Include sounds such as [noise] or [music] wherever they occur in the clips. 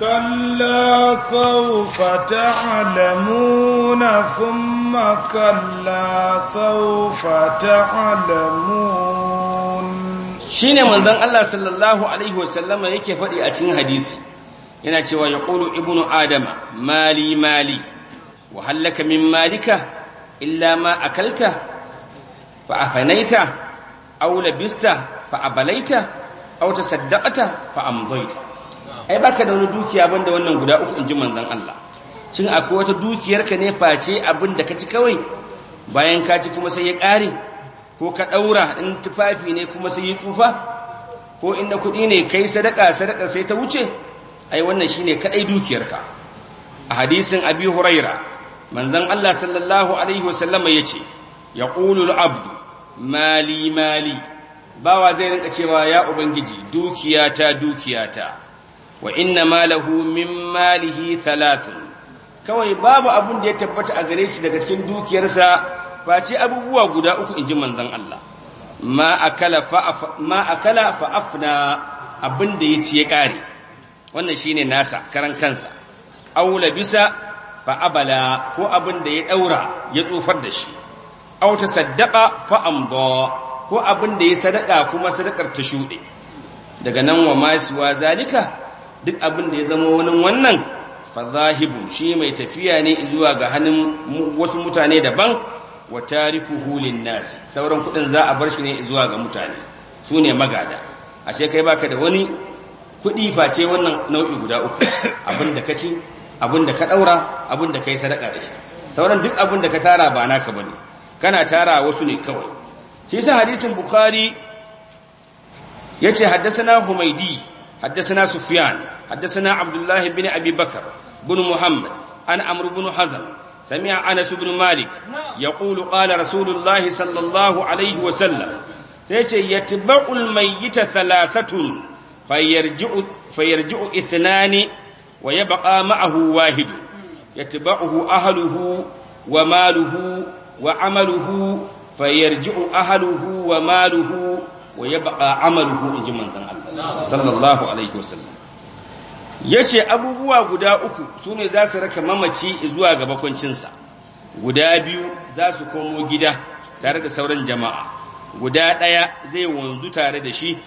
كلا سوف تعلمون ثم كلا سوف تعلمون shine manzon Allah sallallahu alaihi wasallam yake faɗi a cikin hadisi yana cewa yaqulu ibnu adama mali mali wa halaka malika illa ma akalta fa afanaita aw labista fa abalaita auta saddaqata fa amdaita ai baka da wani dukiya banda wannan guda uku inji manzon Allah shin akwai wata dukiyar ka ne face abin da ka ci kawai bayan ka ci kuma sai ya ƙare ko ka ɗaura in tufafi ne kuma sai ya tsufa ko in na kuɗi ne kai sadaka sadaka sai ta wuce ai wannan shine kadai ka. a hadisin abi huraira manzon Allah sallallahu alaihi wasallam yace yaqulu al-abdu mali mali bawa zai rinka cewa ya ubangiji dukiyata dukiyata wa inna malahu min malihi thalathun kawai babu abun da ya tabbata a gare shi daga cikin dukiyarsa face abubuwa guda uku inji manzon Allah ma akala fa ma akala fa afna abin da ya ci ya kare wannan shine nasa karan kansa Aula bisa fa abala ko abin da ya daura ya tsufar da shi aw tasaddaqa fa amda ko abin da ya sadaka kuma sadakar ta shuɗe daga nan wa masuwa zalika duk abin da ya zama wani wannan fazahibu shi mai tafiya ne zuwa ga hannun wasu mutane daban wa hulun nasi sauran kuɗin za a bar shi ne zuwa ga mutane su ne magada ashe kai baka da wani kuɗi face wannan nau'i guda uku [coughs] abin da ka ci abin da ka ɗaura abin da ka yi sadaka da shi sauran duk abin da ka tara ba naka bane kana tara wasu ne kawai shi yasa hadisin bukhari yace haddathana humaydi haddathana sufyan haddathana abdullah ibn abi bakr ibn muhammad ana amr ibn hazm sami'a anas ibn malik yaqulu qala rasulullah sallallahu alayhi wa sallam yace yatba'ul mayyita thalathatun fayarji'u fayarji'u ithnani wa yabqa ma'ahu wahidun yatba'uhu ahluhu wa maluhu wa 'amaluhu fayarji'u ahluhu wa maluhu wa yabqa amaluhu inji dan Allah sallallahu alaihi wasallam yace abubuwa guda uku sune za su raka mamaci zuwa ga sa guda biyu za su komo gida tare da sauran jama'a guda ɗaya zai wanzu tare da shi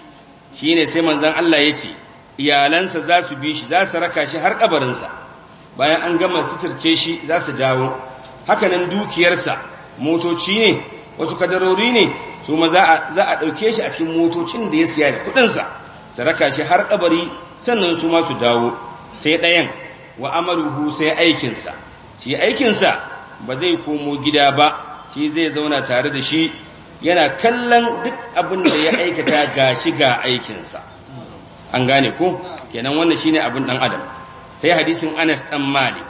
shine sai manzon Allah yace iyalansa za su bi shi za su raka shi har sa. bayan an gama suturce shi za su dawo hakanan dukiyarsa motoci ne wasu kadarori ne su ma za a ɗauke shi a cikin motocin da ya siya da kuɗinsa su raka shi har kabari sannan su ma su dawo sai ɗayan wa amaruhu sai aikinsa shi aikinsa ba zai komo gida ba shi zai zauna tare da shi yana kallon duk abin da ya aikata ga shi ga aikinsa an gane ko kenan wannan shine abin ɗan adam sai hadisin anas ɗan malik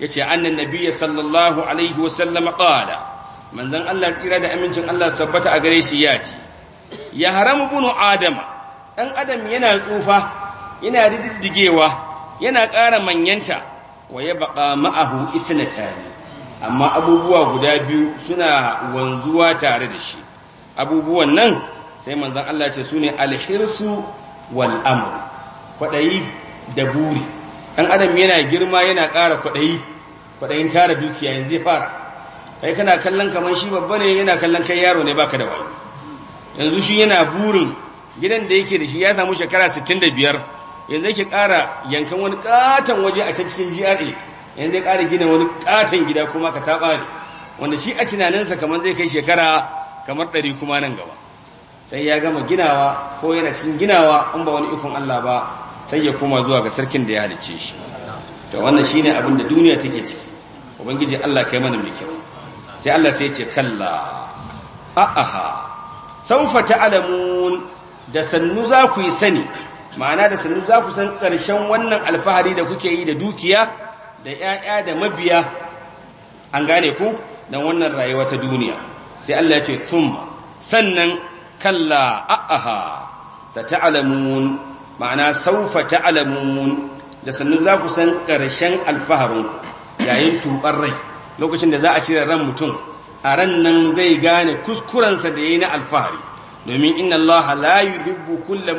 yace annan nabiyya sallallahu alaihi wasallam qala Manzan Allah tsira da amincin Allah su tabbata a gare shi ya ce ya haramu bunu adam dan adam yana tsufa yana diddigewa yana ƙara manyanta wa ya baƙa ma'ahu tare amma abubuwa guda biyu suna wanzuwa tare da shi abubuwan nan sai manzan Allah ce su ne alhirsu wal Kwaɗayi kwaɗayi da buri ɗan adam yana girma yana ƙara kwaɗayi kwaɗayin tara dukiya yanzu ya fara kai kana kallon kamar shi babba ne yana kallon kai yaro ne baka da wayo yanzu shi yana burin gidan da yake da shi ya samu shekara 65 yanzu yake kara yankan wani katon waje a can cikin GRA yanzu ya kara gina wani katon gida kuma ka taɓa ne wanda shi a tunaninsa kamar zai kai shekara kamar ɗari kuma nan gaba sai ya gama ginawa ko yana cikin ginawa in ba wani ikon Allah ba sai ya koma zuwa ga sarkin da ya halicce shi to wannan shine abin da duniya take ciki ubangiji Allah kai mana mai kyau sai Allah sai ce kalla a'aha saufa ta'lamun da sannu za ku yi sani ma'ana da sannu za ku san ƙarshen wannan alfahari da kuke yi da dukiya da ƴaƴa da mabiya an gane ku dan wannan rayuwa ta duniya sai Allah ya ce thumma sannan kalla a'aha sata'lamun ma'ana saufa ta'lamun da sannu za ku san ƙarshen alfaharin yayin tubar rai lokacin da za a cire ran mutum a ran nan zai gane kuskurensa da yayi na alfahari domin inna Allah la yuhibbu kulla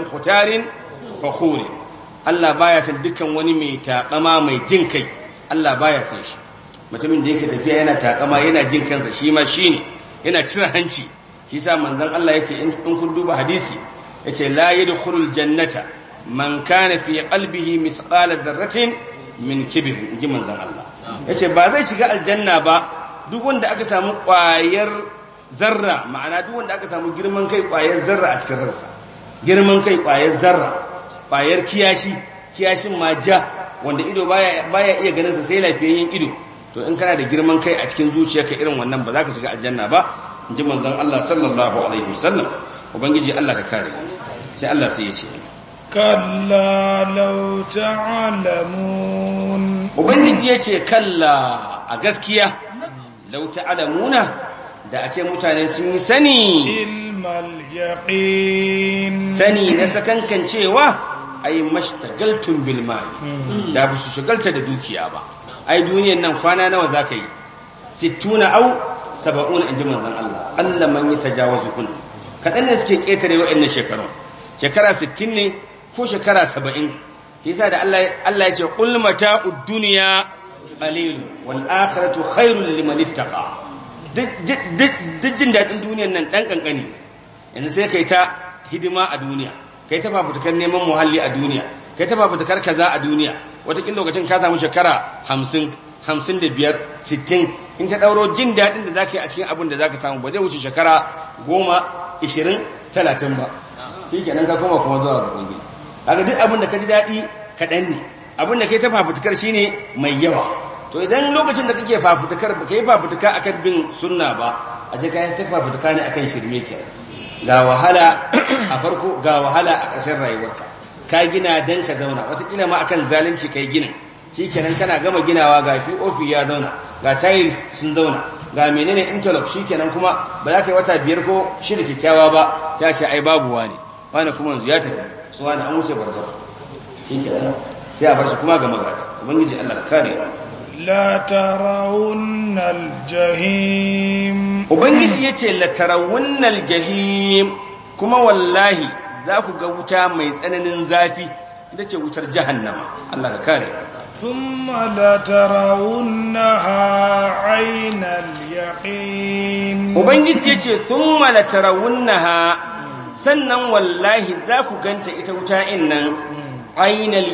Allah baya san dukkan wani mai taƙama mai jin kai Allah baya san shi mutumin da yake tafiya yana taƙama yana jin kansa shi ma shine yana cire hanci shi sa manzon Allah yace in kun duba hadisi yace la yadkhulul jannata man kana fi qalbihi mithqala dharratin min kibr inji manzon Allah yace ba zai shiga aljanna ba duk wanda aka samu ƙwayar zarra ma'ana duk wanda aka samu girman kai ƙwayar zarra a cikin ransa girman kai ƙwayar zarra ƙwayar kiyashi kiyashin ma ja wanda ido baya baya iya ganin sa sai lafiyayyen ido to in kana da girman kai a cikin zuciyarka irin wannan ba za ka shiga aljanna ba in ji manzon Allah sallallahu alaihi wasallam ubangiji Allah ka kare sai Allah sai ya ce kalla lau ta'lamun ubangiji yace kalla a gaskiya lau ta'lamuna da a ce mutane sun yi sani ilmal yaqin sani na sakankan cewa ai mashtagaltun bil da ba su shagalta da dukiya ba ai duniyar nan kwana nawa zaka yi sittuna au saba'una inji manzon Allah Allah man yi tajawuzu kun kaɗan ne suke ketare waɗannan shekaru. shekara 60 ne ko shekara saba'in shi yasa da Allah ya ce qul duniya dunya qalil wal akhiratu khairul liman ittaqa duk daɗin duniyar nan ɗan ƙanƙani yanzu sai kai ta hidima a duniya kai ta fafutukar neman muhalli a duniya kai ta fafutukar kaza a duniya watakin lokacin ka samu shekara hamsin hamsin da biyar sittin in ta ɗauro jin daɗin da za ka yi a cikin abin da za ka samu ba zai wuce shekara goma ishirin talatin ba shi kenan ka koma kuma zuwa ga kaga duk abin da ka ji daɗi kaɗan ne abin da kai ta fafutukar shine mai yawa to idan lokacin da kake fafutukar ba ka yi fafutuka akan bin sunna ba a ce ka ta fafutuka ne akan shirme ke ga wahala a farko ga wahala a ƙarshen rayuwarka ka gina dan ka zauna kila ma akan zalunci kai gina shi kenan kana gama ginawa ga fi ofi ya zauna ga tiles sun zauna ga menene interlock shi kenan kuma ba za ka yi wata biyar ko shirin kyakkyawa ba ta ce ai babu wani wani kuma yanzu ya tafi su wani an wuce barzakh shi ke sai a bar shi kuma ga magata ubangiji Allah kare la tarawunnal jahim ubangiji yace ce tarawunnal jahim kuma wallahi za ku ga wuta mai tsananin zafi ita ce wutar jahannama Allah ka kare thumma la tarawunnaha aynal yaqin ubangiji yace thumma la tarawunnaha sannan wallahi za ku ganta ita wuta in nan ainal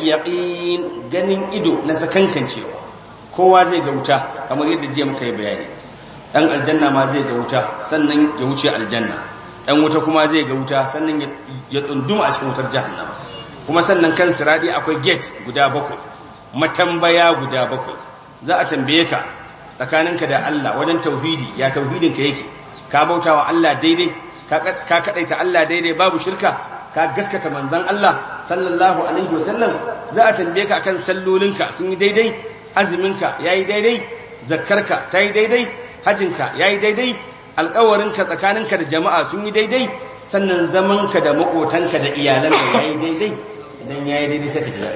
ganin ido na sakankancewa kowa zai ga wuta kamar yadda jiya muka yi bayani ɗan aljanna ma zai ga wuta sannan ya wuce aljanna ɗan wuta kuma zai ga wuta sannan ya tsunduma a cikin wutar nan kuma sannan kan siradi akwai gate guda bakwai matambaya guda bakwai za a tambaye ka tsakaninka da Allah wajen tauhidi ya tauhidinka yake ka bautawa Allah daidai ka kadaita Allah daidai babu shirka ka gaskata manzon Allah sallallahu alaihi wasallam za a tambaye ka akan sallolinka sun yi daidai azuminka yayi daidai zakkarka ta yi daidai hajinka yayi daidai alƙawarinka tsakaninka da jama'a sun yi daidai sannan zamanka da makotanka da iyalanka yayi daidai idan yayi daidai sai ka shiga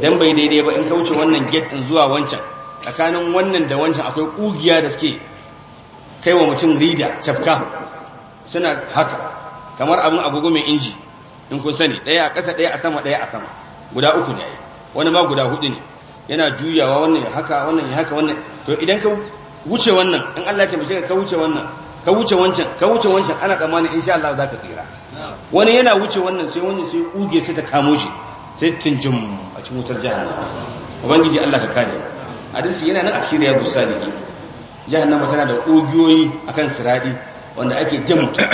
idan bai daidai ba in ka wuce wannan gate in zuwa wancan tsakanin wannan da wancan akwai kugiya da suke kai wa mutum rida cafka suna haka kamar abin agogo mai inji in kun sani ɗaya a ƙasa ɗaya a sama ɗaya a sama guda uku ne yi wani ma guda hudu ne yana juyawa wannan ya haka wannan ya haka wannan to idan ka wuce wannan in Allah ya taimake ka ka wuce wannan ka wuce wancan ka wuce wancan ana tsammanin insha Allah za ka tsira wani yana wuce wannan sai wani sai uge sai ta kamo shi sai tinjin a cikin wutar jahannama ubangiji Allah ka kare hadisi yana nan a cikin riyadu salihin jahannama tana da ogiyoyi akan siradi wanda ake jan mutum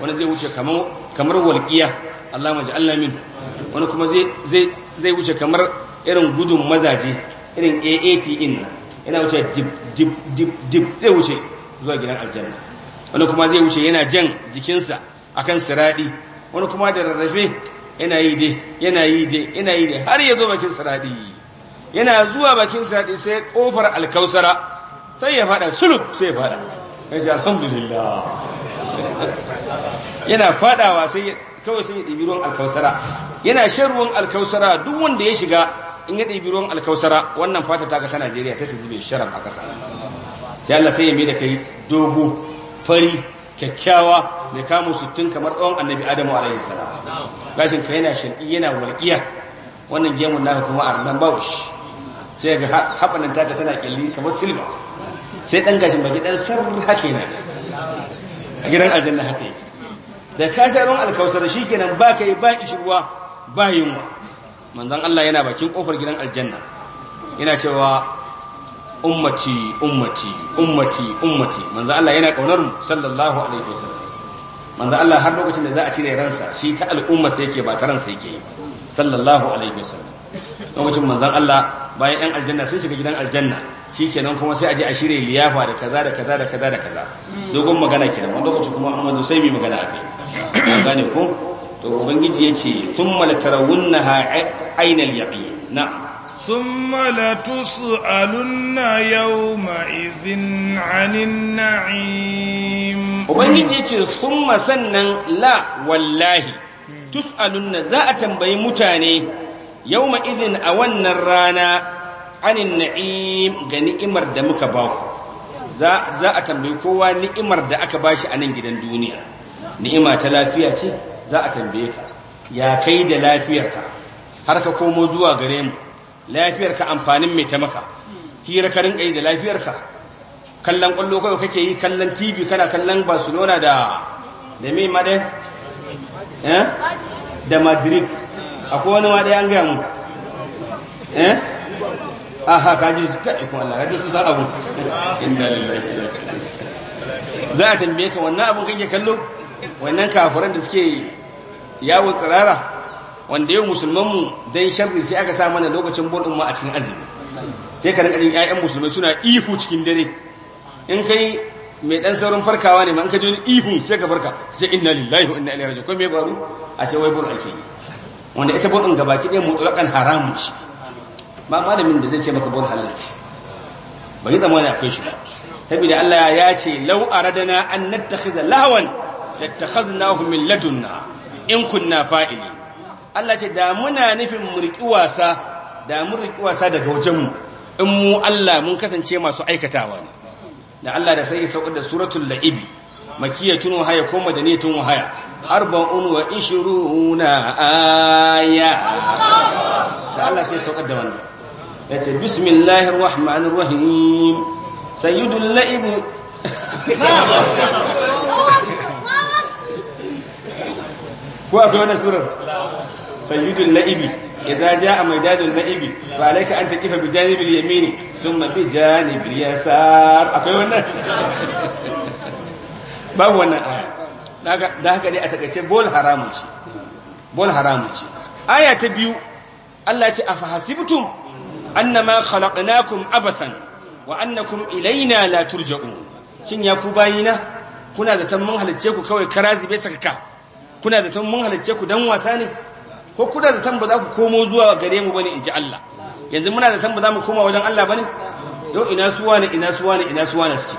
wani zai wuce kamar walƙiya Allah maji Allah min wani kuma zai wuce kamar irin gudun mazaje irin AAT in yana wuce dip dip dip dip zai wuce zuwa gidan aljanna wani kuma zai wuce yana jan jikinsa akan siradi wani kuma da rarrafe yana yi dai yana yi dai yana yi dai har ya zo bakin siradi yana zuwa bakin siradi sai kofar alkausara sai ya fada sulub sai ya fada ya ce alhamdulillah yana fadawa sai kawai sun yi alkausara yana shan ruwan alkausara duk wanda ya shiga in ya ɗibi alkausara wannan fata ta kasa Najeriya sai ta zube sharaf a kasa. sai Allah sai ya mai da kai dogo fari kyakkyawa mai kamun sittin kamar tsawon annabi Adamu alaihi salam gashin ka yana shan yana walƙiya wannan gemun naka kuma arnan bawush sai ga taka tana ƙilli kamar silba sai ɗan gashin baki ɗan sarra kenan gidan aljanna haka yake da ka sha ruwan alkausar shikenan ba kai ba kishirwa ba yunwa manzon Allah yana bakin kofar gidan aljanna yana cewa ummati ummati ummati ummati manzon Allah yana kaunar mu sallallahu alaihi wasallam manzon Allah har lokacin da za a cire ransa shi ta al'umma sai yake ba ta ransa yake sallallahu alaihi wasallam lokacin manzon Allah bayan ɗan aljanna sun shiga gidan aljanna shikenan kuma sai a je a shirya liyafa da kaza da kaza da kaza da kaza dogon magana kenan wani lokaci kuma an sai mai magana a kai. an gane ko to ubangiji yace thumma latarawunnaha ainal yaqin na'am ثم لتسألن يومئذ عن النعيم وبنجي يجي ثم سنن لا والله تسألن za a tambayi mutane yawma izin a wannan rana anin na'im ga ni'imar da muka ba ku za a tambayi kowa ni'imar da aka bashi a nan gidan duniya ni'ima ta lafiya ce za a tambaye ka ya kai da lafiyarka har ka komo zuwa gare mu lafiyarka amfanin mai ta maka hira ka rinka yi da lafiyarka kallon kwallo kawai kake yi kallon tv kana kallon barcelona da da mai madan eh? da madrid akwai wani ma an gaya mu eh aha kaji ka iko Allah kaji sun san abu inna lillahi za a tambaye ka wannan abun kake kallo wannan kafiran da suke yawo tsirara wanda yau musulman mu dan sharri sai aka sa mana lokacin bodin mu a cikin azumi sai ka rinka jin ƴaƴan musulmai suna ihu cikin dare in kai mai dan saurin farkawa ne ma in ka ji ihu sai ka farka sai inna lillahi wa inna ilaihi raji'un ko me faru a ce wai bur ake yi wanda ita burdin gabaki mu mutlaqan haramun ce ba malamin da zai ce maka bol halarci. ba yi zama da akwai shi ba saboda Allah ya ce lau aradana an nattakhiza lawan lattakhaznahu min ladunna in kunna fa'ili Allah ce da muna nufin mu wasa da mun riki wasa daga wajen mu in mu Allah mun kasance masu aikatawa ne da Allah da sai saukar da suratul la'ibi makiyatun haya ko madanitun wa haya arba'un wa ishruna aya Allah sai saukar da wannan ya ce bismillahir rahmanir rahim sayyidul la'ib ko akwai wannan surar sayyidul la'ib idza jaa maidadul la'ib fa alayka an taqifa bi janibil yamini thumma bi janibil yasar akwai wannan babu wannan aya da haka ne a takaice bol haramun ci. bol haramun ci. aya ta biyu Allah ya ce afahasibtum annama khalaqnakum abathan wa annakum ilaina la turja'un shin ya ku bayina kuna tan mun halicce ku kawai karazi bai sakaka kuna tan mun halicce ku dan wasa ne ko kuna tan ba za ku komo zuwa gare mu bane inji Allah yanzu muna tan ba za mu koma wajen Allah bane yau ina suwa ne ina suwa ne ina suwa ne suke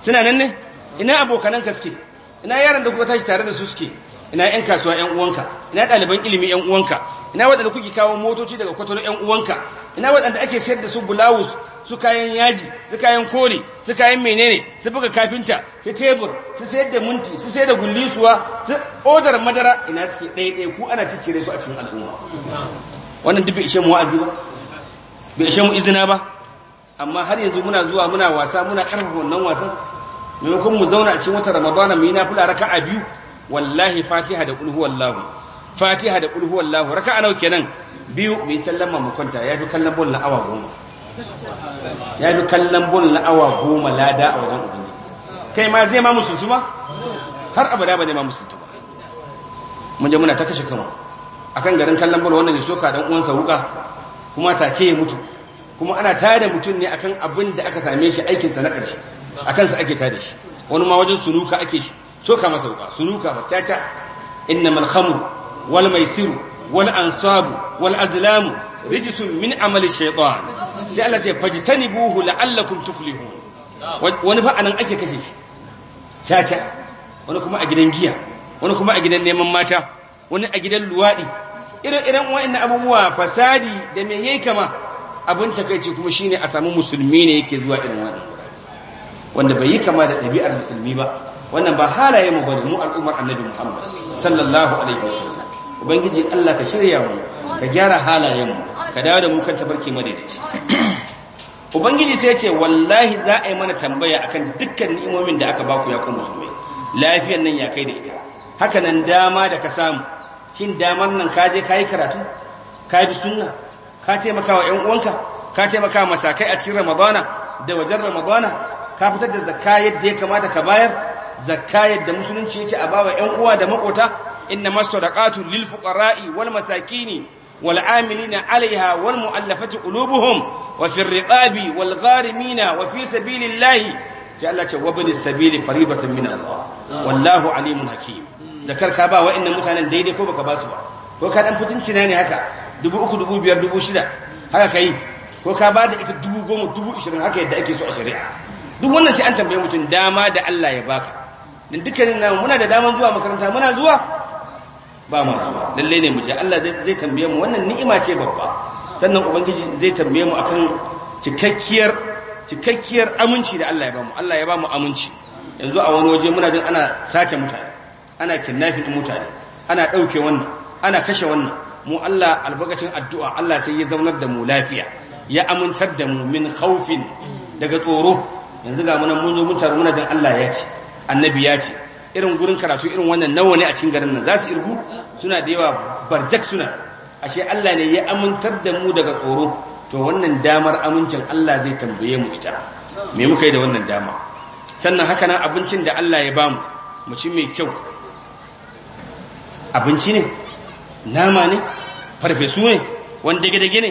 suna nan ne ina abokananka suke ina yaran da kuka tashi tare da su suke ina yan kasuwa yan uwanka ina ɗaliban ilimi yan uwanka ina waɗanda kuke kawo motoci daga kwatano yan uwanka ina waɗanda ake sayar da su bulawus su kayan yaji su kayan koli su kayan menene su buga kafinta su tebur su sayar da munti su sayar da gullisuwa su odar madara ina suke ɗaiɗai ku ana ciccire su a cikin al'umma wannan duk bai ishe mu wa'azi ba bai ishe mu izina ba amma har yanzu muna zuwa muna wasa muna ƙarfafa wannan wasan maimakon mu zauna a cikin wata ramadana mu yi nafila raka'a biyu wallahi fatiha da qul wallahu fatiha da wallahu raka a nauke kenan biyu mu sallama mu kwanta ya fi kallon bol na awa goma ya fi kallon bol na awa goma lada a wajen ubangiji kai ma zai ma musuntu ba har abada ba zai ma musuntu ba mun je muna ta kashe kama akan garin kallon bol wannan ya soka dan uwansa wuka kuma take ya mutu kuma ana da mutum ne akan abin da aka same shi aikinsa na ƙarshe akan sa ake da shi wani ma wajen sunuka ake shi soka masa wuka suruka fa caca innamal khamru wal maisiru wal ansabu wal azlamu rijsun min amali shaytan sai Allah ce fajtanibuhu la'allakum tuflihun wani fa anan ake kashe shi caca wani kuma a gidan giya wani kuma a gidan neman mata wani a gidan luwadi irin irin wa'annan abubuwa fasadi da me yayi kama abin takeici kuma shine a samu musulmi ne yake zuwa irin wannan wanda bai yi kama da ɗabi'ar musulmi ba wannan ba halaye mu bane mu al'ummar annabi Muhammad sallallahu alaihi wasallam ubangiji Allah ka shirya mu ka gyara halayen mu ka dawo da mu kan tabarki madaidaici [clears throat] ubangiji sai ya ce wallahi za a yi mana tambaya akan dukkan ni'imomin da aka baku ya ku musulmai lafiyar nan ya kai da ita haka nan dama da ka samu shin damar nan ka je ka yi karatu ka bi sunna ka taimaka wa ‘yan uwanka ka taimaka masakai a cikin ramadana da wajen ramadana ka fitar da zakka yadda ya kamata ka bayar zakka yadda musulunci yace a bawa ƴan uwa da makota inna masadaqatu lil fuqara'i wal masakini wal amilina 'alayha wal mu'allafati qulubuhum wa fir riqabi wal gharimina wa fi sabilillahi sai Allah ce wabni sabili faridatan min Allah wallahu alimun hakim zakar ka ba wa'annan mutanen daidai ko baka basu ba ko ka dan fitinci ne haka dubu uku dubu biyar dubu shida haka kai ko ka ba da ita dubu goma dubu ishirin haka yadda ake so a shari'a duk wannan sai an tambaye mutum dama da Allah ya baka din dukkanin namu, muna da daman zuwa makaranta muna zuwa ba mu zuwa lalle ne mu je Allah zai tambaye mu wannan ni'ima ce babba sannan ubangiji zai tambaye mu akan cikakkiyar cikakkiyar aminci da Allah ya ba mu, Allah ya ba mu aminci yanzu a wani waje muna jin ana sace mutane ana kidnapping mutane ana dauke wannan ana kashe wannan mu Allah albakacin addu'a Allah sai ya zaunar da mu lafiya ya amintar da mu min khaufin daga tsoro yanzu ga mun mun zo mun taru muna jin Allah ya ce annabi ya ce irin gurin karatu irin wannan nawa ne a cikin garin nan za su irgu suna da yawa barjak suna ashe Allah ne ya amintar da mu daga tsoro to wannan damar amincin Allah zai tambaye mu ita me muka yi da wannan dama sannan haka nan abincin da Allah ya bamu mu ci mai kyau abinci ne nama ne farfesu ne wani dage-dage ne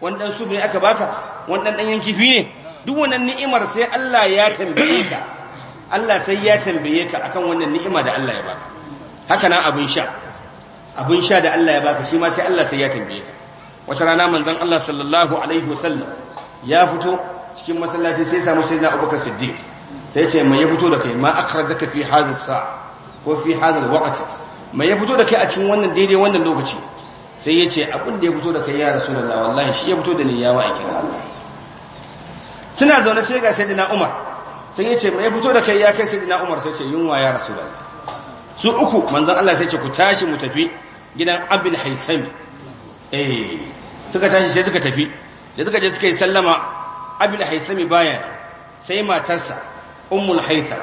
wani dan sufi ne aka baka wani ɗanyen kifi ne duk wannan ni'imar sai Allah ya tambaye ka Allah sai ya tambaye ka akan wannan ni'ima da Allah ya baka haka nan abin sha abin sha da Allah ya baka shi ma sai Allah sai ya tambaye ka wata rana manzon Allah sallallahu alaihi wasallam ya fito cikin masallaci sai samu sayyidina Abubakar Siddiq sai ce mai ya fito da kai ma akhrajaka fi hadha saa ko fi hadha alwaqt mai ya fito da kai a cikin wannan daidai wannan lokaci sai ya ce abin da ya fito da kai ya rasulullah wallahi shi ya fito da ni ya wa'akin suna zaune sai ga sayyidina Umar sai ya ce mai fito da kai ya kai sayyidina Umar sai ce yunwa ya Rasulullah su uku manzon Allah sai ce ku tashi mu tafi gidan Abul Haytham eh suka tashi sai suka tafi da suka je suka yi sallama Abul Haytham bayan sai matarsa Ummul Haytham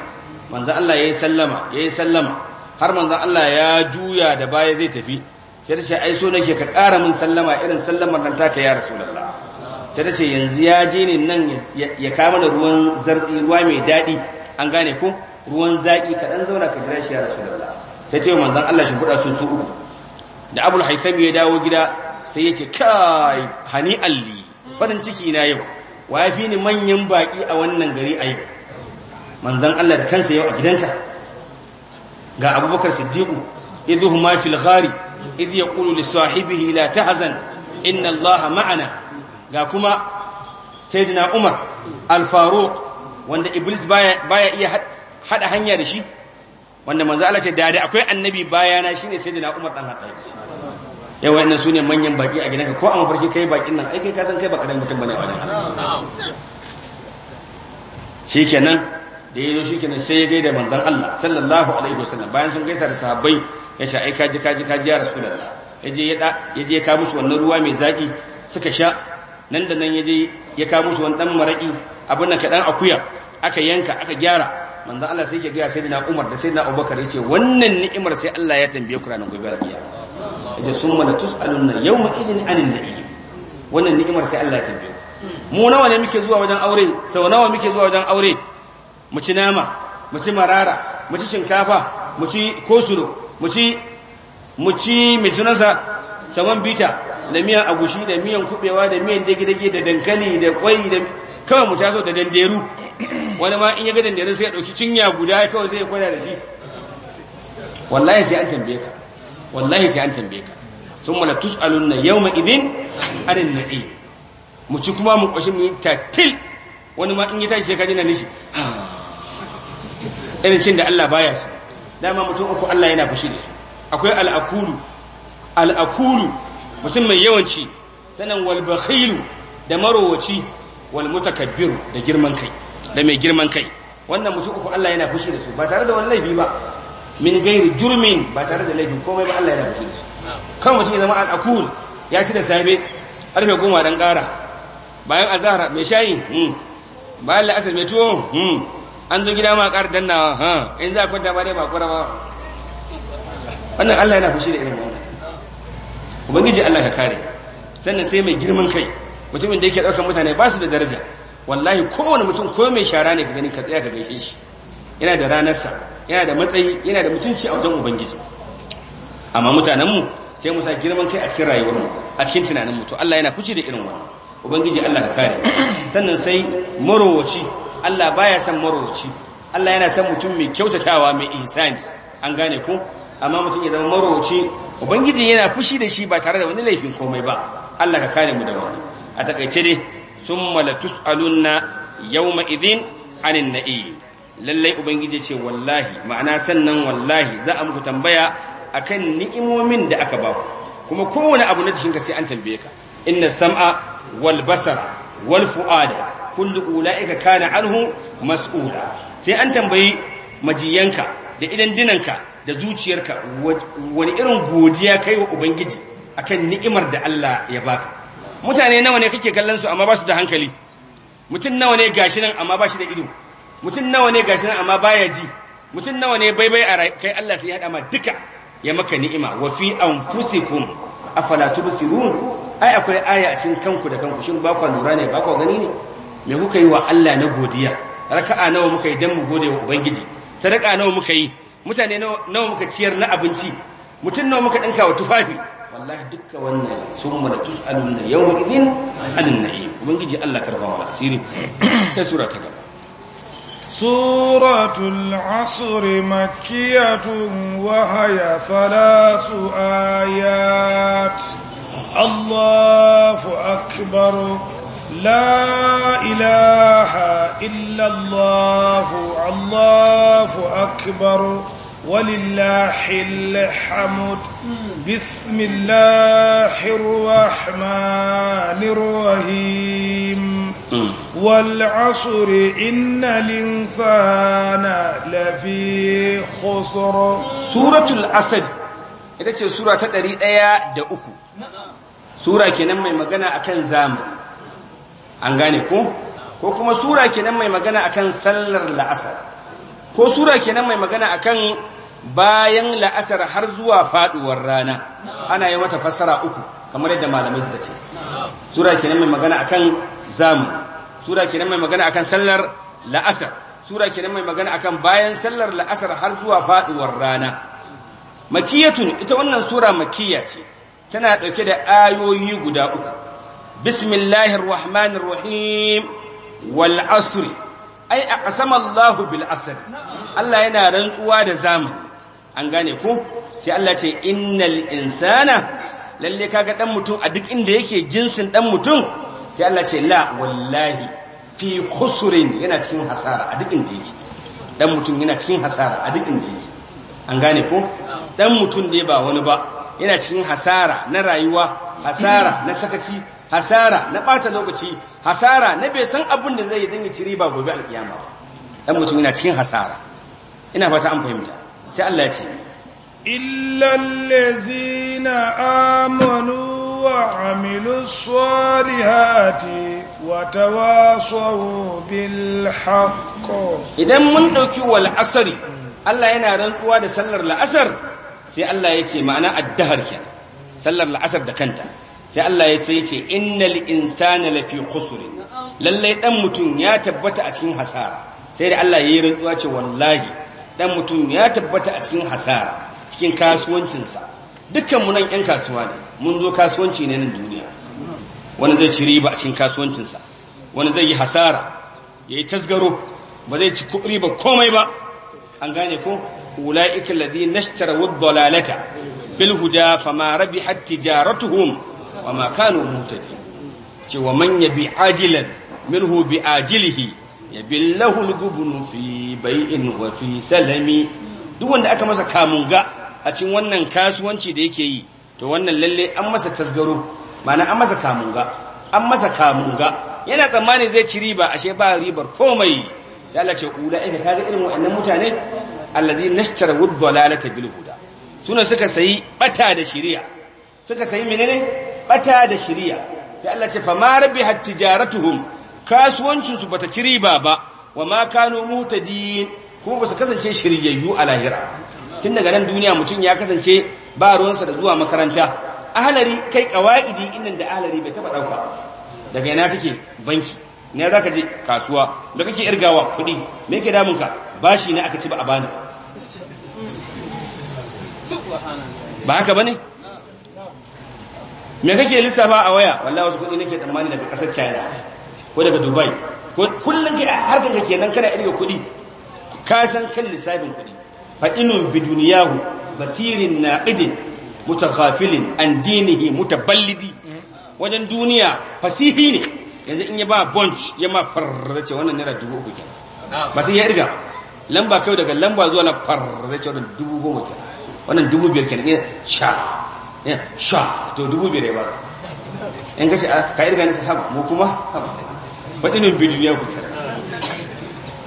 manzon Allah yayi sallama yayi sallama har manzon Allah ya juya da baya zai tafi sai ta ce ai so nake ka ƙara min sallama irin sallamar nan taka ya Rasulullah sai ta ce yanzu ya je ne nan ya kama da ruwan zartsi ruwa mai daɗi an gane ku ruwan zaƙi kaɗan zauna ka jira shi ya rasu da ta ce manzan Allah shi fuɗa su su uku da abul haisami ya dawo gida sai ya ce kai hani alli farin ciki na yau wa ya fi ni manyan baƙi a wannan gari a yau manzan Allah da kansa yau a gidanka ga abubakar siddiqu idhu ma fil ghari idh yaqulu li sahibihi la tahzan inna allaha ma'ana ga kuma sayyidina umar al-faruq wanda iblis baya baya iya hada hanya da shi wanda manzo Allah ce da dai akwai annabi baya na shine sayyidina umar dan hadda yau wayannan sune manyan baki a gidanka ko a mafarki kai bakin nan ai kai ka san kai ba kadan mutum bane wannan shikenan da yazo shikenan sai ya gaida manzon Allah sallallahu alaihi wasallam bayan sun gaisa da sahabbai ya ce ai kaji kaji kaji ya rasulullah yaje ya da yaje ya ka musu wannan ruwa mai zaki suka sha nan da nan ya je ya kawo musu wani dan maraki abin nan kaɗan akuya aka yanka aka gyara manzo Allah sai ke gaya sai na Umar da sai na Abubakar ya ce wannan ni'imar sai Allah ya tambaye ku ranar gobe rabiya ya summa la tus'alunna yawma idin anil na'im wannan ni'imar sai Allah ya tambaye mu nawa ne muke zuwa wajen aure sau nawa muke zuwa wajen aure mu ci nama mu ci marara mu ci shinkafa mu ci kosulo mu ci mu ci mijinansa saman bita da miyan agushi da miyan kubewa da miyan dage-dage da dankali da kwai da kawai mu taso da danderu wani ma in ya ga danderu sai ya ɗauki cinya guda kawai sai ya kwada da shi wallahi sai an tambaye ka wallahi sai an tambaye ka sun mana tus'alun na yau idin arin na'i mu ci kuma mu kwashe mu yi tatil wani ma in ya tashi sai ka nishi irin cin da Allah baya su dama mutum uku Allah yana fushi da su akwai al'akulu al'akulu mutum mai yawanci sanan walbakhilu da marowaci walmutakabbiru da girman kai da mai girman kai wannan mutum uku Allah yana fushi da su ba tare da wani laifi ba min gairu jurmin ba tare da laifi komai ba Allah yana fushi da su kan mutum ya zama al akul ya ci da safe karfe goma dan kara bayan azhar mai shayi hmm. bayan la'asar mai tuwo hmm. an zo gida ma kar dannawa in za a kwanta ba dai ba kura ba wannan Allah yana fushi da irin wannan ubangiji Allah ka kare sannan sai mai girman kai mutumin da yake daukar mutane ba su da daraja wallahi kowane mutum ko mai shara ne ka gani ka tsaya ka gaishe shi yana da ranarsa yana da matsayi yana da mutunci a wajen ubangiji amma mutanenmu sai sa girman kai a cikin rayuwar mu a cikin tunaninmu to Allah yana fuci da irin wannan ubangiji Allah ka kare sannan sai marowaci Allah baya son marowaci Allah yana san mutum mai kyautatawa mai ihsani an gane ku amma mutum ya zama marowaci ubangiji yana fushi da shi ba tare da wani laifin komai ba Allah ka kare mu da wani a takaice dai summa la tusalunna yawma idhin anin na'i lallai ubangiji ce wallahi ma'ana sannan wallahi za a muku tambaya akan ni'imomin da aka ba ku kuma kowane abu na jikinka sai an tambaye ka inna sam'a wal basara wal fu'ada kullu ula'ika kana anhu mas'ula sai an tambayi majiyanka da idan dinanka da zuciyarka wani irin godiya kai wa ubangiji akan ni'imar da Allah ya baka mutane nawa ne kake kallon su amma ba su da hankali mutum nawa ne gashi nan amma ba shi da ido mutum nawa ne gashi nan amma baya ji mutum nawa ne baibai a kai Allah sai ya hada ma duka ya maka ni'ima wa fi anfusikum afala tubsirun ai akwai aya a cikin kanku da kanku shin ba ku lura ne ba ku gani ne me kuka yi wa Allah na godiya raka'a nawa muka yi dan mu gode wa ubangiji sadaka nawa muka yi mutane nawa muka ciyar na abinci mutum nawa muka ɗinka wa tufafi wallahi dukkan wannan sun mara tus'alun na yau idin alin na'im ubangiji Allah karba wa asiri [coughs] sai sura ta gaba suratul asr makkiyatun wa haya thalasu ayat Allahu akbar la ilaha إلا الله الله أكبر ولله الحمد بسم الله الرحمن الرحيم والعصر إن الإنسان لفي خسر سورة الأسد إذا كانت سورة تدري آية دعوه سورة كنمي مغانا أكن زامن an gane ko ko kuma sura kenan mai magana akan sallar la'asar ko sura kenan mai magana akan bayan la'asar har zuwa faduwar rana ana yi mata fassara uku kamar yadda malamai suka ce sura kenan mai magana akan zamu sura kenan mai magana akan sallar la'asar sura kenan mai magana akan bayan sallar la'asar har zuwa faduwar rana makiyatun ita wannan sura makiya ce tana dauke da ayoyi guda uku bismillahir rahmanir rahim Wal'asuri, asri ai aqsama Allah bil Allah yana rantsuwa da zamani an gane ko sai Allah ce innal insana lalle kaga dan mutum a duk inda yake jinsin dan mutum sai Allah ce la wallahi fi khusrin yana cikin hasara a duk inda yake dan mutum yana cikin hasara a duk inda yake an gane ko dan mutum ne ba wani ba yana cikin hasara na rayuwa hasara na sakaci hasara na ɓata lokaci hasara na bai san abin da zai yi dangi ci riba gobe alkiyama dan mutum yana cikin hasara ina fata an fahimta sai Allah ya ce illal ladzina amanu wa amilus salihati wa tawasaw bil haqq idan mun dauki wal asri Allah yana rantsuwa da sallar la'asar sai Allah ya ce ma'ana addahar kenan sallar la'asar da kanta sai Allah ya sai ce innal insana lafi kusuri lallai dan mutum ya tabbata a cikin hasara sai da Allah ya yi rantsuwa ce wallahi dan mutum ya tabbata a cikin hasara cikin kasuwancinsa dukkan mu nan yan kasuwa ne mun zo kasuwanci ne nan duniya wani zai ci riba a cikin kasuwancinsa wani zai yi hasara yayi tasgaro ba zai ci riba komai ba an gane ko ulaika alladhina ishtaraw ad-dalalata bil huda duk wanda aka masa kamunga a cikin wannan kasuwanci da yake yi to wannan lalle an masa tasgaro mana an masa an masa kamunga yana tsammani zai ci riba ashe ba ribar komai da Allah ce ulaika kaga irin waɗannan mutane allazi nashtara wad-dalalata bil huda suna suka sayi bata da shiriya suka sayi menene bata da shiriya sai Allah ce fa ma rabihat tijaratuhum kasuwancin su bata ci riba ba wa ma kanu mutadin kuma ba su kasance shiryayyu a lahira tun daga nan duniya mutum ya kasance ba ruwansa da zuwa makaranta halari kai kawaidi inin da halari bai taba dauka daga ina kake banki ne zaka je kasuwa da kake irgawa kuɗi me yake damunka bashi ne aka ci ba a bani ba haka ne me kake lissafa a waya wallahi wasu kuɗi nake tsammani daga kasar China ko daga Dubai ko kullun kai harkar kake nan kana irga kudi kasan kan lissafin kudi fa inun biduniyahu basirin naqidin mutakafilin an dinihi mutaballidi wajen duniya fasihi ne yanzu in ya ba bunch ya ma ce wannan naira dubu uku ba sai ya irga lamba kawai daga lamba zuwa na far zai ce wannan dubu goma ke wannan dubu biyar ke ne sha ne sha to dubu biyar ya baka in ka ce ah, ka irga ne haba mu kuma haba faɗinin bidiyar ku kenan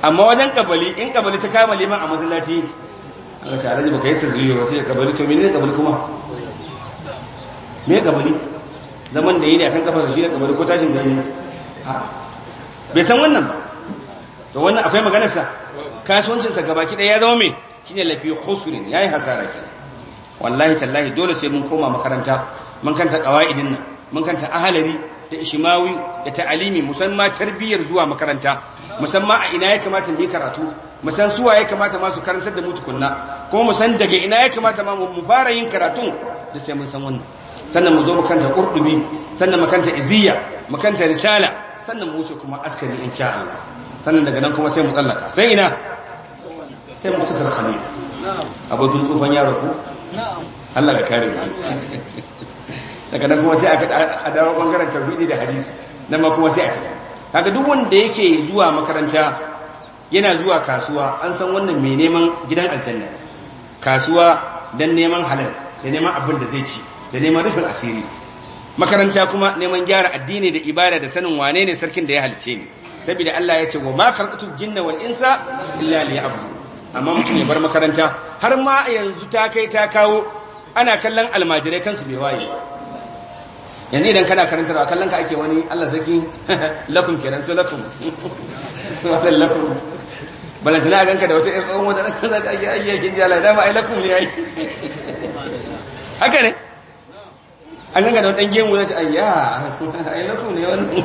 amma wajen kabali in kabali ta kama liman a masallaci an ga tare ba ka yi sirriyo ba sai kabali to ne kabali kuma me kabali zaman da yi ne akan kafarsa shi ne kabali ko tashin gani bai san wannan ba to wannan akwai maganarsa kasuwancinsa gabaki ɗaya ya zama mai shine lafi khusrin yayi hasara ke wallahi tallahi dole sai mun koma makaranta mun kanta qawaidin nan mun kanta ahalari da ishimawi da ta'alimi musamman tarbiyyar zuwa makaranta musamman a ina ya kamata mu yi karatu musan suwa ya kamata ma su karantar da mu tukunna ko musan daga ina ya kamata ma mu fara yin karatun da sai mun san wannan sannan mu zo mu kanta qurdubi sannan mu kanta iziya kanta risala sannan mu wuce kuma askari sha Allah sannan daga nan kuma sai mu tsallaka sai ina sai muktasar khalil abokin tsufan yaro ko Allah ya kare mu daga nan kuma sai a dawo bangaren tauhidi da hadisi nan ma kuma sai a tafi kaga duk wanda yake zuwa makaranta yana zuwa kasuwa an san wannan mai neman gidan aljanna kasuwa dan neman halal da neman abin da zai ci da neman rufin asiri makaranta kuma neman gyara addini da ibada da sanin wane ne sarkin da ya halice ne saboda Allah ya ce wa ma khalaqatul jinna wal insa illa abu. amma mutum ya bar makaranta har ma yanzu ta kai ta kawo ana kallon almajirai kansu mai waye yanzu idan kana ba kallon ka ake wani Allah saki [laughs] lakum kenan su lakum wannan [laughs] lakum balantana ganka da wata ya tsohon wata ɗan za ka ake ake yakin jala dama ai lakum ne ai [laughs] haka ne an ganka da wadannan gemu zai ayya ai lakum ne wani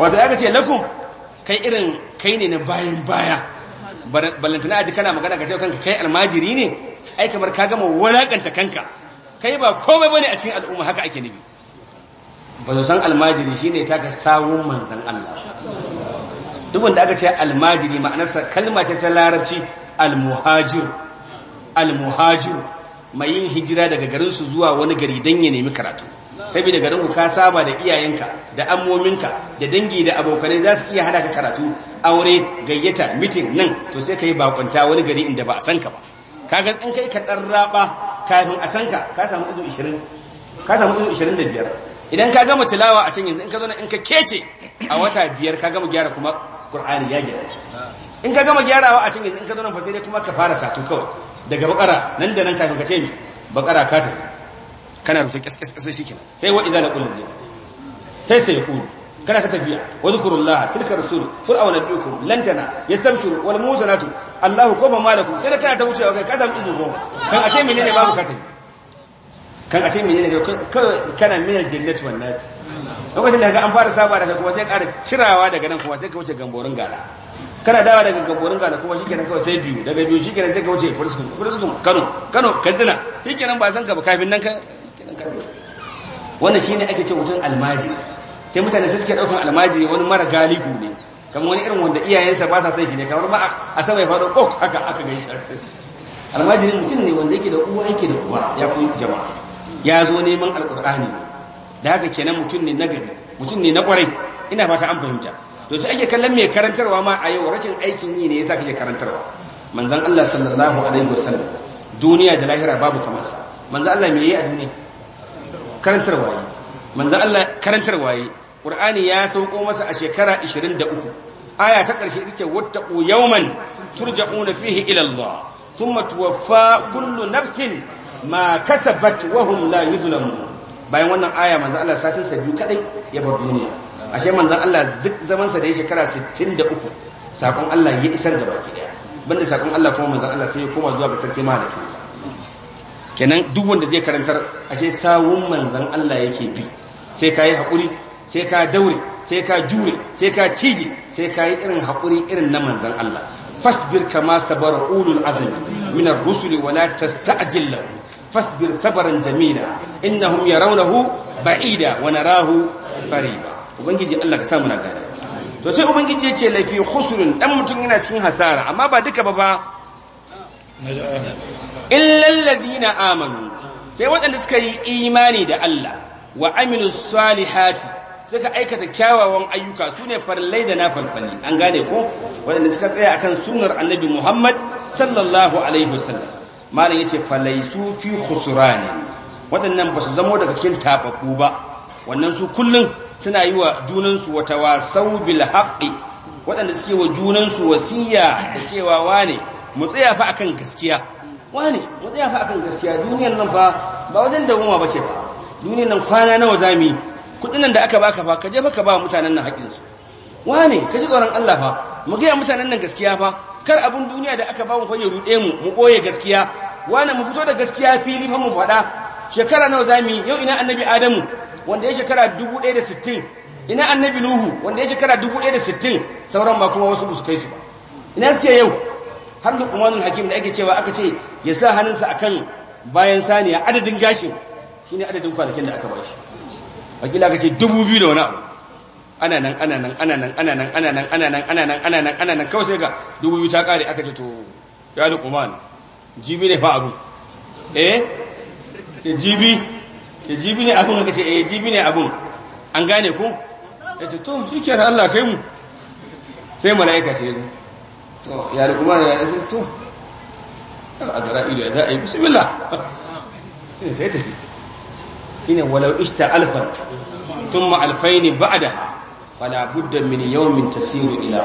wata ya ce lakum kai irin kai ne na bayan baya ballantana ji kana magana ka cewa kanka kai almajiri ne ai kamar ka gama walakanta kanka kai ba komai bane a cikin al'umma haka ake nufi ba su san almajiri shine taka sawun manzan Allah duk wanda aka ce almajiri ma'anarsa kalma ce ta larabci almuhajir almuhajir mai yin hijira daga garin su zuwa wani gari don ya nemi karatu saboda garin ku ka saba da iyayenka da ammominka da dangi da abokanai za su iya hada ka karatu aure gayyata mitin nan to sai ka yi bakunta wani gari inda ba a san ka ba kaga in kai ka dan raba kafin a san ka ka samu uzu 20 ka samu izu 25 idan ka gama tilawa a can yanzu in ka zo in ka kece a wata biyar ka gama gyara kuma qur'ani ya gyara in ka gama gyarawa a can yanzu in ka zo na fa kuma ka fara satu kawai daga bakara nan da nan kafin ka ce mi bakara ka tafi kana rubuta kaskasai shi kenan sai wa idza laqul ladina sai sai yaqulu kana ta tafiya wa zkurullaha tilka rasul qul aw nadukum lan tana yastamshuru wal muzanatu allahu kuma malakum sai kana ta wuce kai ka samu izin goma kan a ce menene babu katin kan a ce menene kana minal jannati wan nas lokacin da ka an fara saba da kai kuma sai ƙara cirawa daga nan kuma sai ka wuce gamborin gala kana dawa daga gamborin gala kuma shikenan kawai sai biyu daga biyu shikenan sai ka wuce fursukum fursukum kano kano kazina shikenan ba san ka ba kafin nan ka kafin wannan shine ake ce mutum almajiri sai mutane su suke daukan almajiri wani mara galibu ne kamar wani irin wanda iyayensa ba sa son shi ne kamar ba a sama ya faɗo kok haka aka gani almaji almajiri mutum ne wanda yake da uwa yake da uwa ya kun jama'a ya zo neman alkur'ani ne da haka kenan mutum ne nagari mutum ne na kwarai ina fata an fahimta to sai ake kallon mai karantarwa ma a yau rashin aikin yi ne yasa kake karantarwa manzon Allah sallallahu alaihi wasallam duniya da lahira babu kamar sa manzon Allah me yayi a duniya karantar waye manzo Allah karantar waye qur'ani ya sauko masa a shekara 23 aya ta karshe ita ce wattaqu yawman turja'una fihi ila Allah thumma tuwaffa kullu nafsin ma kasabat wa hum la yuzlamun bayan wannan aya manzo Allah satin sa biyu kadai ya bar duniya ashe manzo Allah duk zaman sa da ya shekara 63 sakon Allah ya isar ga baki daya banda sakon Allah kuma manzo Allah sai ya koma zuwa ga sarki mahalicinsa kenan duk wanda zai karantar ashe sawun manzan Allah yake bi sai ka yi haƙuri sai ka daure sai ka jure sai ka cije sai ka yi irin haƙuri irin na manzan Allah fasbir kama sabara ulul azmi min ar-rusuli wa la tasta'jil lahu fasbir sabran jamila innahum yarawnahu ba'ida wa narahu qariba ubangiji Allah ka samu na to sai ubangiji ya ce laifi khusrun dan mutum yana cikin hasara amma ba duka ba ba illal ladina amanu sai waɗanda suka yi imani da Allah wa amilus salihati suka aikata kyawawan ayyuka sune farlaida da farfani an gane ko waɗanda suka tsaya akan sunar annabi Muhammad sallallahu alaihi wasallam malam yace falaisu fi khusrani waɗannan ba su zamo daga cikin tababbu ba wannan su kullun suna yi wa junansu wata wasau bil haqqi waɗanda suke wa junansu wasiya da cewa wane mu tsaya fa akan gaskiya wani mu tsaya fa akan gaskiya duniyar nan fa ba wajen dawoma ba ce ba duniyar nan kwana nawa zamu yi kudin nan da aka baka fa ka je fa ka ba mutanen nan haƙƙin su wani ka ji tsoron Allah fa mu gaya mutanen nan gaskiya fa kar abun duniya da aka ba mu kwanye rude mu mu boye gaskiya wani mu fito da gaskiya fili fa mu faɗa shekara nawa zamu yi yau ina annabi Adamu wanda ya shekara sittin ina annabi Nuhu wanda ya shekara sittin sauran ba kuma wasu su kai su ba ina suke yau har luqmanul hakim da ake cewa aka ce ya sa hannunsa akan bayan saniya adadin gashin shine adadin kwanakin da aka ba shi wakila aka ce dubu biyu da wani abu ana nan ana nan ana nan ana nan ana nan ana nan ana nan ana nan ana nan kawai sai ga dubu biyu ta kare aka ce to ya luqman jibi ne fa abu eh ke jibi ke jibi ne abun aka ce eh jibi ne abun an gane ku ya ce to shi kenan Allah kai mu sai mala'ika sai ya to ya kuma ya yi to a gara ido ya za a yi bismillah sai tafi shine walau ishta alfan tun thumma alfaini ba'da fala budda min yawmin tasiru ila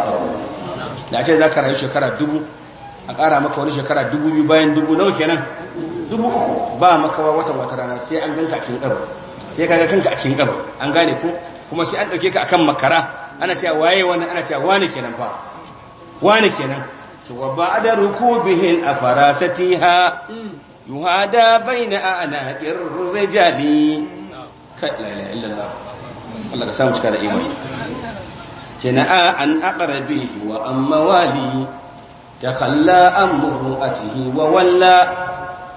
qarn da ce ka rayu shekara dubu a ƙara maka wani shekara dubu biyu bayan dubu nawa kenan dubu uku ba makawa watan wata rana sai an ganka a cikin ƙabar sai ka ga kanka a cikin ƙabar an gane ku kuma sai an ɗauke ka akan makara ana cewa waye wannan ana cewa wani kenan fa wani kenan wa ba'da rukubihin afarasatiha yuhada baina anaqir rijali la ilaha illallah Allah ka samu cika da imani jana'a an aqrabihi wa amma wali takhalla amru atihi wa walla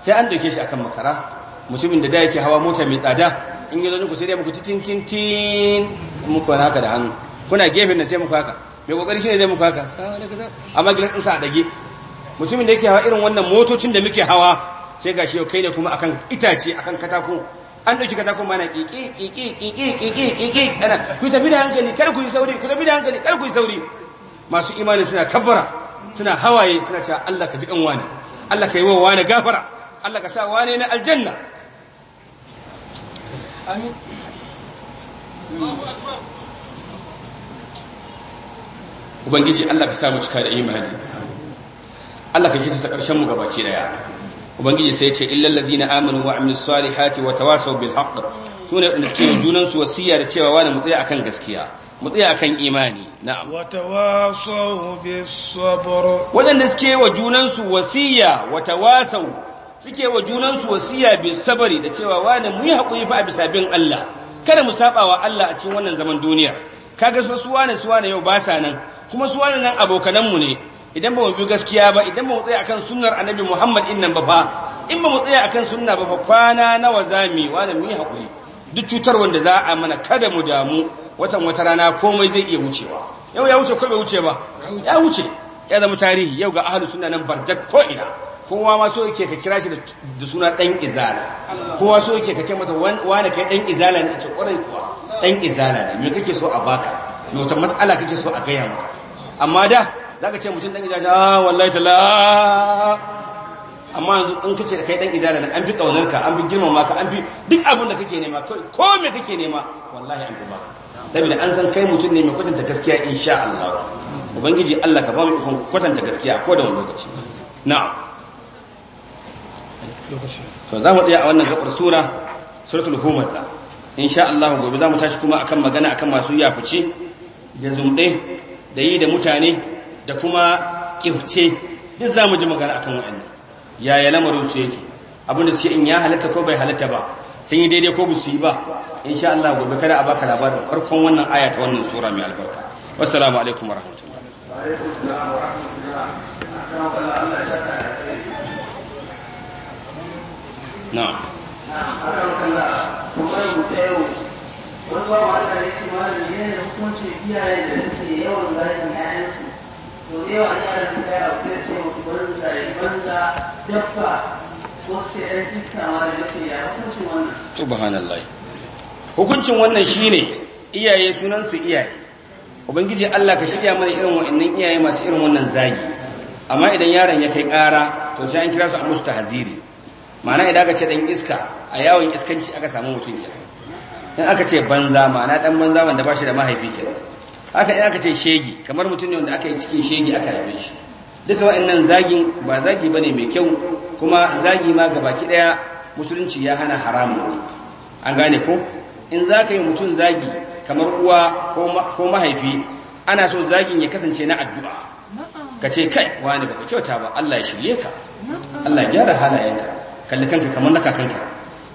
sai an doke shi akan makara mutumin da da yake hawa mota mai tsada in yazo ku sai dai muku titin tin muku haka da hannu kuna gefen nan sai muku haka mai kokari shine zai muku haka amma gilas ɗinsa a dage mutumin da yake hawa irin wannan motocin da muke hawa sai gashi yau kai ne kuma akan itace akan katako an dauki katako mana ƙiƙi ƙiƙi ƙiƙi ƙiƙi ƙiƙi ana ku tafi da hankali kar ku yi sauri ku tafi da hankali kar ku yi sauri masu imani suna kabbara suna hawaye suna cewa Allah ka ji kan wani Allah ka yi wa wani gafara Allah ka sa wani na aljanna amin hmm. ubangiji Allah ka samu cika da imani Allah ka kita ta karshen mu baki ɗaya. ubangiji sai ya ce illal ladina amanu wa amilus salihati wa tawasaw bil haqq sune wanda suke junan su wasiya da cewa wani mutsaya akan gaskiya mutsaya akan imani na'am wa tawasaw bis sabr Wadanda suke wa junan su wasiya wa tawasaw suke wa junan su wasiya bis sabri da cewa wani mu yi hakuri fa a bisa bin Allah kada mu saba wa Allah a cikin wannan zaman duniya kaga su suwane suwane yau ba sa nan kuma su wannan abokananmu ne idan ba mu bi gaskiya ba idan ba mu tsaya akan sunnar annabi Muhammad din nan ba fa in ba mu tsaya akan sunna ba fa kwana nawa zami wala mu yi hakuri duk cutar wanda za a mana kada mu damu watan wata rana komai zai iya wucewa yau ya wuce ko bai wuce ba ya wuce ya zama tarihi yau ga ahlus sunna nan barjak ko ina kowa ma so yake ka kira shi da suna dan izala kowa so yake ka ce masa wani kai dan izala ne a ce kwarai kuwa dan izala ne me kake so a baka me wata mas'ala kake so a gaya maka amma da za ka ce mutum ɗan izala ah wallahi tala amma yanzu in ka ce ka kai ɗan izala an fi ƙaunar ka an fi girman maka an fi duk abin da kake nema ko me kake nema wallahi an fi baka sabida an san kai mutum ne mai kwatanta gaskiya insha Allah ubangiji Allah ka ba mu ikon kwatanta gaskiya ko da wani lokaci na'am to za mu tsaya a wannan gabar sura suratul humaza insha Allah gobe za mu tashi kuma akan magana akan masu yafuci da zumɗe da yi da mutane da kuma kirce duk za mu ji magana akan waɗannan yaya lamarin su yake abinda su in ya halatta ko bai halatta ba sun yi daidai ko busu yi ba in sha Allah gobe kada a baka labarin farkon wannan aya ta wannan sura mai albarka wassalamu alaikum wa rahmatullahi hukuncin wannan subhanallah hukuncin wannan shine iyaye sunansu iyaye ubangiji Allah ka shirya mana irin wa'annan iyaye masu irin wannan zagi amma idan yaron ya kai ƙara to sai an kira su a musu tahziri ma'ana idan aka ce dan iska a yawon iskanci aka samu mutum in aka ce banza ma'ana dan banza wanda ba shi da mahaifi ke haka in aka ce shegi kamar mutum ne wanda aka yi cikin shegi aka haife shi duka wa'annan zagi ba zagi bane mai kyau kuma zagi ma ga baki daya musulunci ya hana haramun an gane ko in za ka yi mutum zagi kamar uwa ko mahaifi ana so zagin ya kasance na addu'a ka ce kai wani baka kyauta ba Allah ya shirye ka Allah ya gyara halayenka kalli kanka kamar na kakanka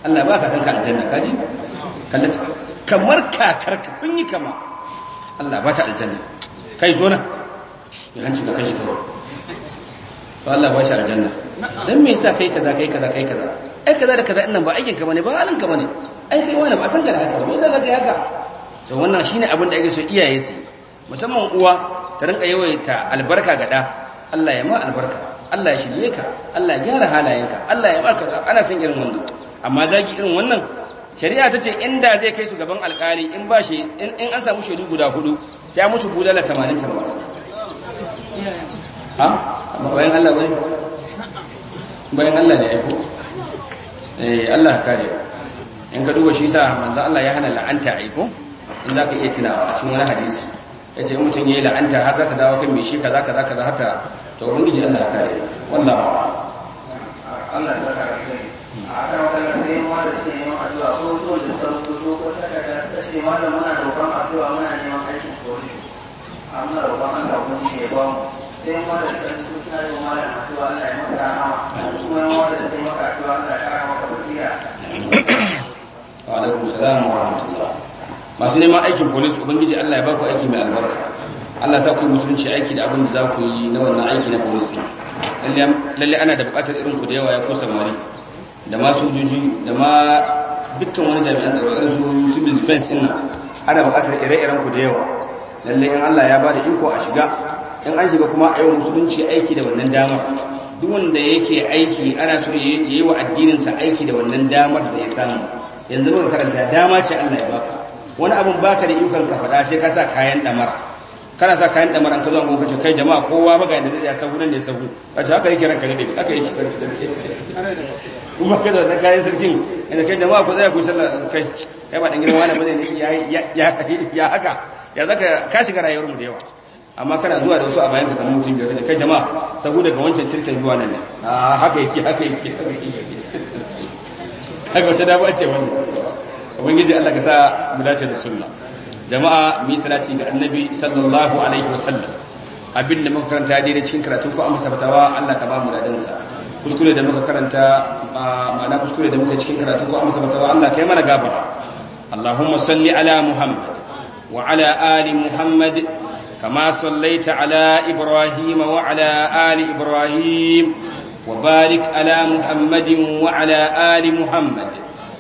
Allah ba a aljanna kaji kamar kakarka kun yi kama Allah ba ta aljanna kai zo nan ya hanci ka kai shi kawai to Allah ba shi aljanna dan me yasa kai kaza kai kaza kai kaza ai kaza da kaza ɗin nan ba aikin ka bane ba halin ka bane ai kai wani ba san ka da haka ba me zaka kai haka to wannan shine abin da ake so iyaye su musamman uwa ta rinka yawaita albarka ga da Allah ya ma albarka Allah ya shirye ka Allah ya gyara halayenka Allah ya barka ana son irin wannan amma zaki irin wannan shari'a ta ce inda zai kai su gaban alkali in ba shi in an samu shaidu guda hudu sai musu bulala 80 tarwa ha bayan Allah bane bayan Allah ne aiko eh Allah kare in ka duba shi sa manzo Allah ya hana la'anta aiko in za ka iya tunawa a cikin wani hadisi yace mutum yayi la'anta har za ta dawo kan me shi kaza kaza kaza hata to ubangiji Allah kare wallahi Allah malam muna roƙon addu'a muna neman aikin police amma roƙon Allah kun sai da su suna yi addu'a Allah ya masa rahama kuma addu'a Allah ya kara maka basira wa alaikum salam wa rahmatullah masu neman aikin police ubangiji Allah ya baku aiki mai albarka Allah sa ku musulunci aiki da abin da za ku yi na wannan aiki na police lalle ana da buƙatar irin ku da yawa ya ko samari da ma sojoji da ma dukkan wani jami'an tsaro irin su civil defense ina ana buƙatar ire-iren ku da yawa lallai in Allah ya bada iko a shiga in an shiga kuma a yau musulunci aiki da wannan damar duk wanda yake aiki ana so ya yi wa addininsa aiki da wannan damar da ya samu yanzu muka karanta dama ce Allah ya baka wani abun baka da ikon ka faɗa sai ka sa kayan damar kana sa kayan damar an ka zuwa kuma ce kai jama'a kowa ba ga yadda zai ya sahu nan ne sahu a ce haka yake ranka ne haka yake ranka ne kuma ka da kayan sarkin inda kai jama'a ku tsaya ku sallah kai kai ba dan gidan wani bane ne ya ya ya haka ya zaka ka shiga rayuwar mu da yawa amma kana zuwa da wasu a bayan ka ta mutum biyar kai jama'a saboda daga wancan cirkin zuwa nan ne haka yake haka yake haka da ba ce wannan ubangiji Allah ka sa mu dace da sunna jama'a mi salati ga annabi sallallahu alaihi wasallam abinda muka karanta dai cikin karatu ko amsa batawa Allah ka ba mu dadansa kuskure da muka karanta ma'ana kuskure da muka cikin karatu ko amsa bata Allah kai mana gafara Allahumma salli ala Muhammad wa ala ali Muhammad kama sallaita ala Ibrahim wa ala ali Ibrahim wa barik ala Muhammad wa ala ali Muhammad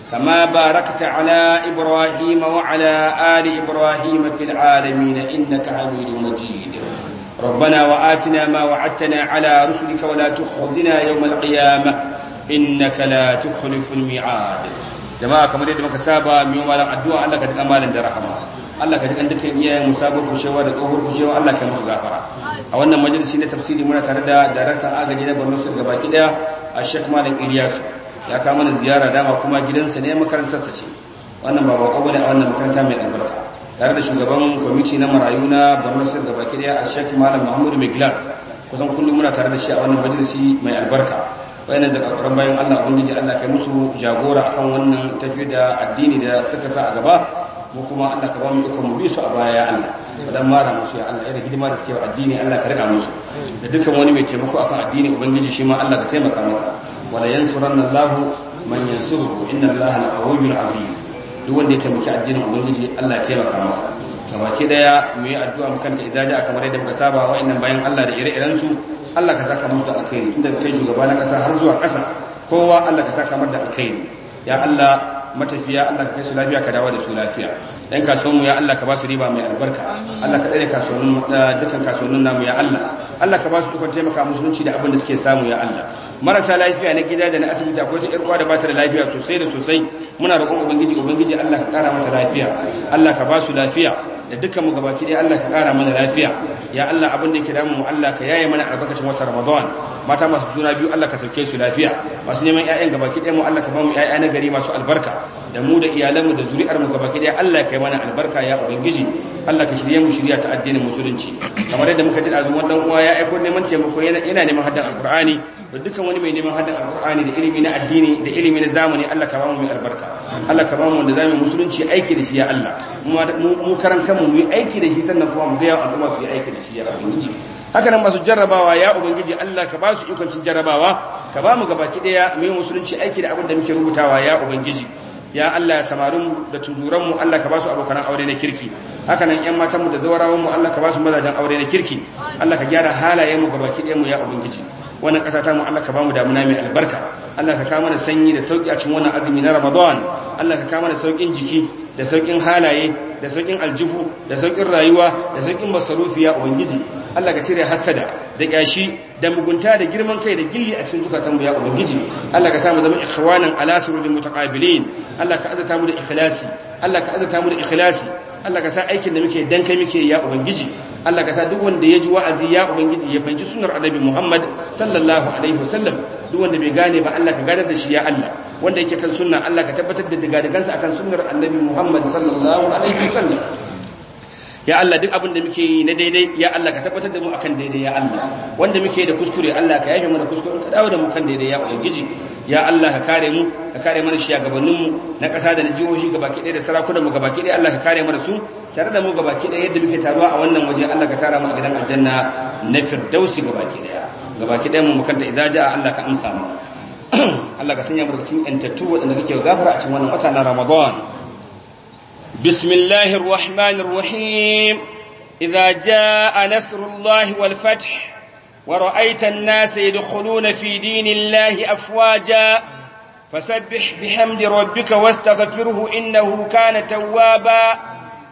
kama barakta ala Ibrahim wa ala ali Ibrahim fil alamin innaka Hamidum Majid ربنا وآتنا ما وعدتنا على رسلك ولا تخذنا يوم القيامة إنك لا تخلف الميعاد جماعة كما ديت muka saba mu malam addu'a Allah ka malam da rahama Allah ka tukan dukkan iyayen mu sabo kushewa da tsohon kushewa Allah ka musu gafara a wannan majalisi na tafsiri muna tare da daraktan agaji na Borno State gabaki daya a Sheikh Malam Ilyas ya ka mana ziyara dama kuma gidansa ne makarantar ce wannan ba bako bane a wannan makaranta mai albarka tare da shugaban kwamiti na marayu na borno sir da bakiriya a shek malam mahmudu mai glas kusan kullum muna tare da shi a wannan majalisi mai albarka wayannan jagagwaran bayan allah ubangiji allah kai musu jagora kan wannan tafiya da addini da suka sa a gaba mu kuma allah ka ba mu ikon mu bi a baya ya allah dan mara musu ya Allah irin hidima da suke wa addini Allah ka rika musu da dukkan wani mai taimako a kan addini ubangiji shi ma Allah ka taimaka masa wala yansuranna lahu man yansuruhu inna Allaha al-qawiyyul aziz duk wanda ya taimaki addinin ubangiji Allah ya taimaka masa baki daya mu yi addu'a mu kanta idza a kamar yadda muka saba wa'annan bayan Allah da ire-iren su Allah ka saka musu da alkhairi tun daga kai shugaba na kasa har zuwa kasa kowa Allah ka saka mar da alkhairi ya Allah matafiya Allah ka kai su lafiya ka dawo da su lafiya dan kasuwan mu ya Allah ka ba su riba mai albarka Allah ka dare kasuwan eh, dukkan kasuwan namu ya Allah Allah ka ba su dukkan taimaka musulunci da abin da suke samu ya Allah marasa lafiya na gida da na asibiti akwai ta irkuwa da bata da lafiya sosai da sosai muna roƙon ubangiji ubangiji Allah ka ƙara mata lafiya Allah ka ba su lafiya da dukkan mu gabaki ɗaya Allah ka ƙara mana lafiya ya Allah abin da yake damu mu Allah ka yaye mana albarkacin watan Ramadan mata masu juna biyu Allah ka sauke su lafiya masu neman ƴaƴan gabaki ɗaya mu Allah ka ba mu ƴaƴa na gari masu albarka da mu da iyalanmu da zuri'ar mu gaba daya Allah kai mana albarka ya ubangiji Allah ka shirye mu shirya ta addinin musulunci kamar yadda muka ji azum wannan uwa ya aiko neman taimako yana yana neman haddan alqur'ani da dukkan wani mai neman haddan alqur'ani da ilimi na addini da ilimi na zamani Allah ka ba mu mai albarka Allah ka ba mu da zamani musulunci aiki da shi ya Allah mu karan kanmu mu yi aiki da shi sannan kuma mu ga ya al'umma su aiki da shi ya ubangiji haka nan masu jarrabawa ya ubangiji Allah ka ba su ikon cin jarrabawa ka ba mu gabaki daya mu yi musulunci aiki da abin da muke rubutawa ya ubangiji ya Allah ya samarin da tuzuran mu Allah ka basu abokan aure na kirki haka nan ƴan matan mu da zawarawan mu Allah ka basu mazajen aure na kirki Allah ka gyara halayen mu gabaki ɗaya mu ya ubangiji wannan ƙasa ta mu Allah ka ba mu damuna mai albarka Allah ka kama da sanyi da sauki a cikin wannan azumi na Ramadan Allah ka kama da saukin jiki da saukin halaye da saukin aljihu da saukin rayuwa da saukin masarufiya ubangiji Allah ka cire hasada da kyashi da mugunta da girman kai da gilli a cikin zukatan mu ya ubangiji Allah ka samu zama ikhwanan ala surudin mutaqabilin Allah ka azata mu da ikhlasi Allah ka azata mu da ikhlasi Allah ka sa aikin da muke dan kai muke ya ubangiji Allah ka sa duk wanda ya ji wa'azi ya ubangiji ya fahimci sunnar annabi Muhammad sallallahu alaihi wasallam duk wanda bai gane ba Allah ka gadar da shi ya Allah wanda yake kan sunna Allah ka tabbatar da daga dagansa akan sunnar annabi Muhammad sallallahu alaihi wasallam ya Allah duk abin da muke yi na daidai ya Allah ka tabbatar da mu akan daidai ya Allah wanda muke da kuskure Allah ka yafe mana kuskure ka dawo da mu kan daidai ya ubangiji ya Allah ka kare mu ka kare mana shugabannin mu na kasa da na jihohi gabaki ɗaya da sarakunan mu gabaki ɗaya Allah ka kare mana su tare da mu gabaki ɗaya yadda muke taruwa a wannan waje Allah ka tara mu a gidan aljanna na firdausi gabaki ɗaya gabaki ɗaya mu makanta izaja Allah ka amsa mu [clears throat] Allah ka sanya mu daga cikin yantattu waɗanda kake gafara a cikin wannan wata na Ramadan بسم الله الرحمن الرحيم إذا جاء نصر الله والفتح ورأيت الناس يدخلون في دين الله أفواجا فسبح بحمد ربك واستغفره إنه كان توابا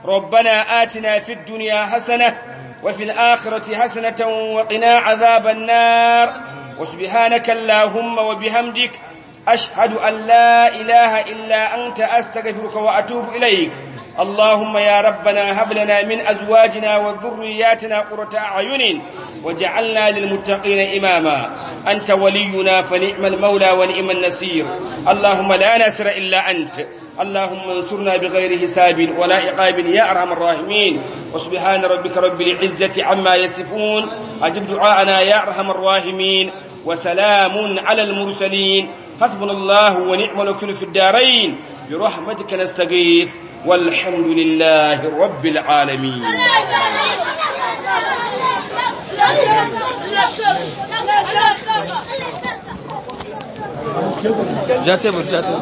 ربنا آتنا في الدنيا حسنة وفي الآخرة حسنة وقنا عذاب النار وسبحانك اللهم وبحمدك أشهد أن لا إله إلا أنت أستغفرك وأتوب إليك اللهم يا ربنا هب لنا من أزواجنا وذرياتنا قرة أعين وجعلنا للمتقين إماما أنت ولينا فنعم المولى ونعم النصير اللهم لا نصر إلا أنت اللهم انصرنا بغير حساب ولا عقاب يا أرحم الراحمين وسبحان ربك رب العزة عما يصفون أجب دعاءنا يا أرحم الراحمين وسلام على المرسلين حسبنا الله ونعم الوكيل في الدارين برحمتك نستغيث والحمد لله رب العالمين جاتبر جاتبر